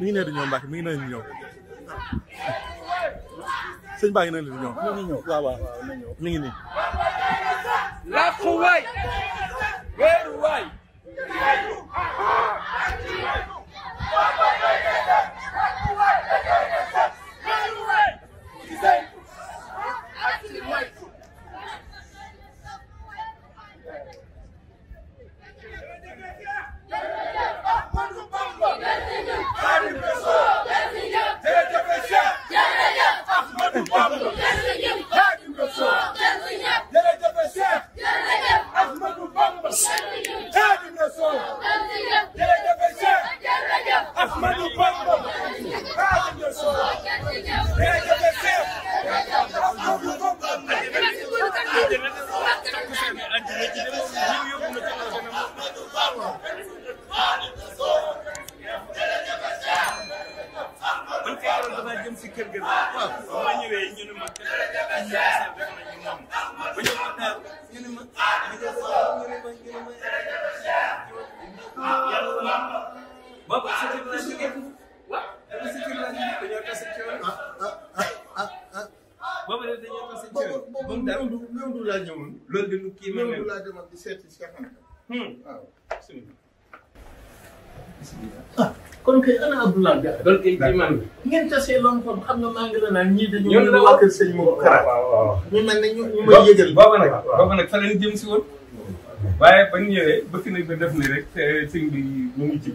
mi ngi nee di ñëw Mbacke mi ngi nee di ñëw sëñ Ba ngi nee di ñëw. mi ngi ñëw waaw waaw mi ngi nii. Ahmadou Bamba Xaadimu Rasuul jërëjëf Seex Ahmadou Bamba jëm si kër ga ma ñëwee ñu ne ma ñu ne ma ñu ne ma ba ba ci la ci gën wa da ba ba dañoo tas ci yoon kii ma mewndu laa demoon di seeti Cheikh Anta hmm waaw bismillah kon kay ana Abdoulaye Diagne loolu ci man ngi bi mu ngi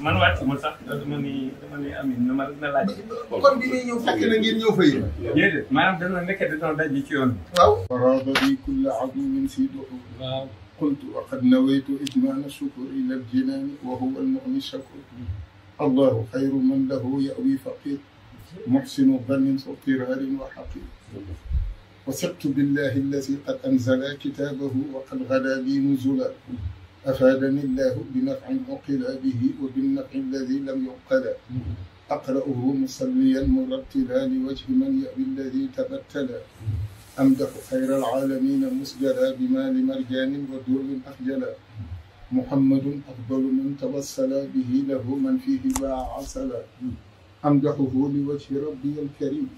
man wàcc ma sax dama ni dama ni Amine na ma na laaj. kon bi ñuy ñëw fekk na ngeen ñëw fa yéen. déedéet maanaam dana nekk da doon daj ci yoon bi. waaw. farada bi kulla aduwin si doxu. waaw qultu wa qad nawaytu idmaana shukuri ila aljinaani wa huwa almuni shakur. allahu xayru man lahu yawi faqir. muxsinu bannin sotiraarin wa xaqir. wa siqtu billahi alladi qad anzala kitaabahu wa qad gada bi nuzula afaadani llahu binafcin uqila bihi wa binnafci alladi lam yuqala aqra'uhu musalliyan murattila liwajhi man yawi alladi tabattala amdaxu xayra alcaalamina musjala bimaali marjaanin wa durrin axjala muhammadun afdalu man tawassala bihi lahu man fihi baa asala amdaxuhu liwajhi rabbiya alkarim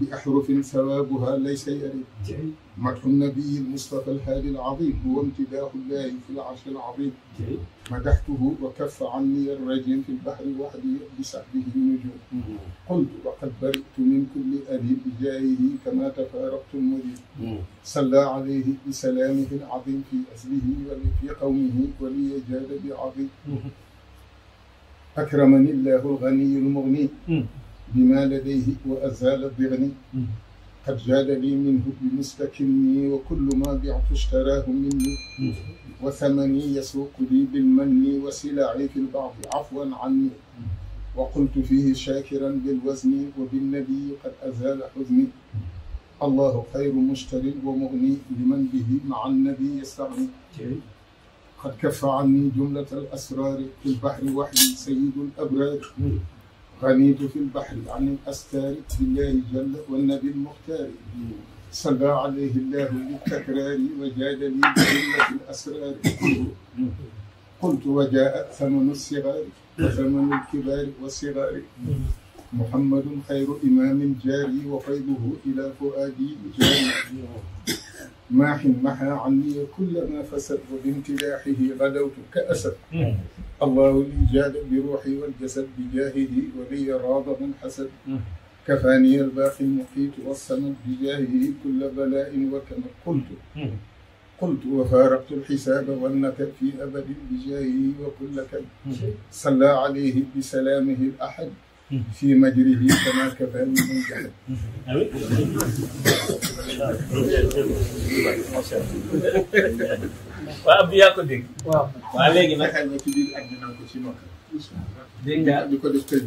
بأحرف ثوابها ليس يرد مدح النبي المصطفى الهادي العظيم هو امتداح الله في العرش العظيم مدحته وكف عني الرجيم في البحر وحدي بسحبه النجوم قلت وقد برئت من كل أذي بجاهه كما تفارقت المذيب صلى عليه بسلامه العظيم في أسله وفي قومه ولي جاد بعظيم أكرمني الله الغني المغني بما لديه وأزال الضغن قد جاد لي منه بمستكني وكل ما بعت اشتراه مني وثمني يسوق لي بالمن وسلعي في البعض عفوا عني وقلت فيه شاكرا بالوزن وبالنبي قد أزال حزني الله خير مشتر ومغني لمن به مع النبي يستغني قد كف عني جملة الأسرار في البحر وحدي سيد الأبرار رميت في البحر عن الأستار الله جل والنبي المختار صلى عليه الله بالتكرار وجادني بجملة الأسرار قلت وجاء ثمن الصغار وثمن الكبار والصغار محمد خير إمام جاري وفيضه إلى فؤادي جاري ماح محى عني كل ما فسد بامتداحه غدوت كأسد الله لي جاد بروحي والجسد بجاهه ولي راض من حسد كفاني الباقي المحيط والصمد بجاهه كل بلاء وكما قلت قلت وفارقت الحساب والنكد في أبد بجاهه وكل كد صلى عليه بسلامه الأحد في مجره كما كفى من جهل waaw Abdou yaa ko nag xel nga ci biir ak def kër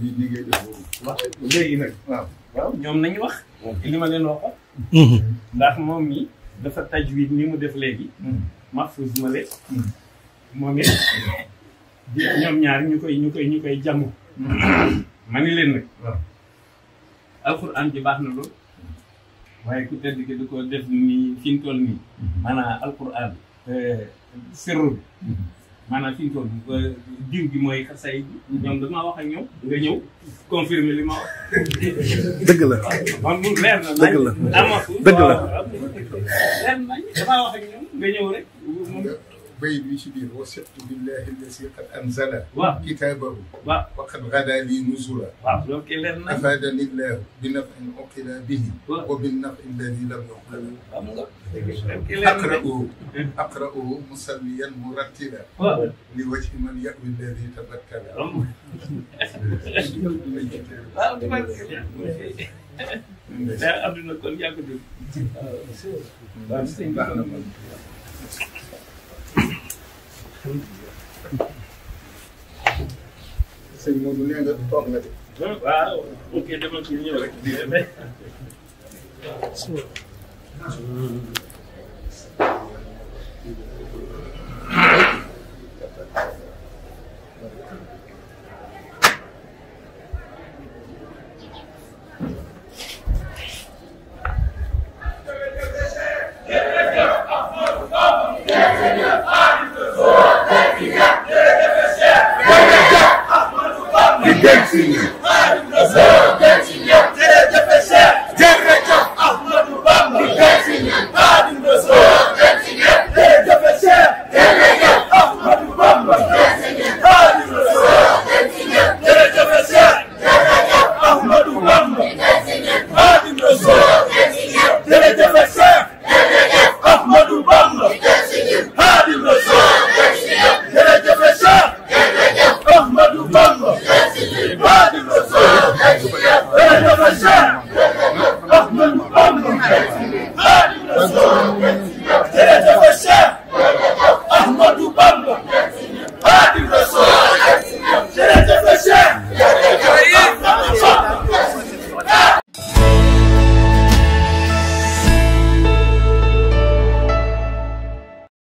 léegi nag waaw. waaw ñoom nañu wax. li ma leen waxoon. Mhm. ndax moom mi dafa tajwid ni mu def léegi. Mhm. Mahfouz ma leen. Mhm. moom it ñoom ñaar ñu koy ñu koy ñu ma ni leen nag alxuraan ji baax na lool waaye ku tedd ki di ko def nii fi ñu toll nii mhm. maanaam alxuraan eh, sirru bi mhm. maanaam fi ñu toll eh, diw gi mooy xasay bi mhm. ñoom damaa wax ak ñoom nga ñëw confirmer li ma wax dëgg la man bu leer na dëgg wax ak ñoom nga ñëw rek bayt bi ci biir wasiqtu billahi alladi qad anzala kitaabahu wa qad gada li nuzula afadani llahu bi nafin uqila bihi wa bi nafin alladi lam yuqila aqra'uhu aqra'uhu musalliyan murattilan li wajhi man ya'wi alladi tabattala daa adduna kon yaa ko dégg waaw sëñ baax na sëñ Modou nee nga toog ak sëriñ bi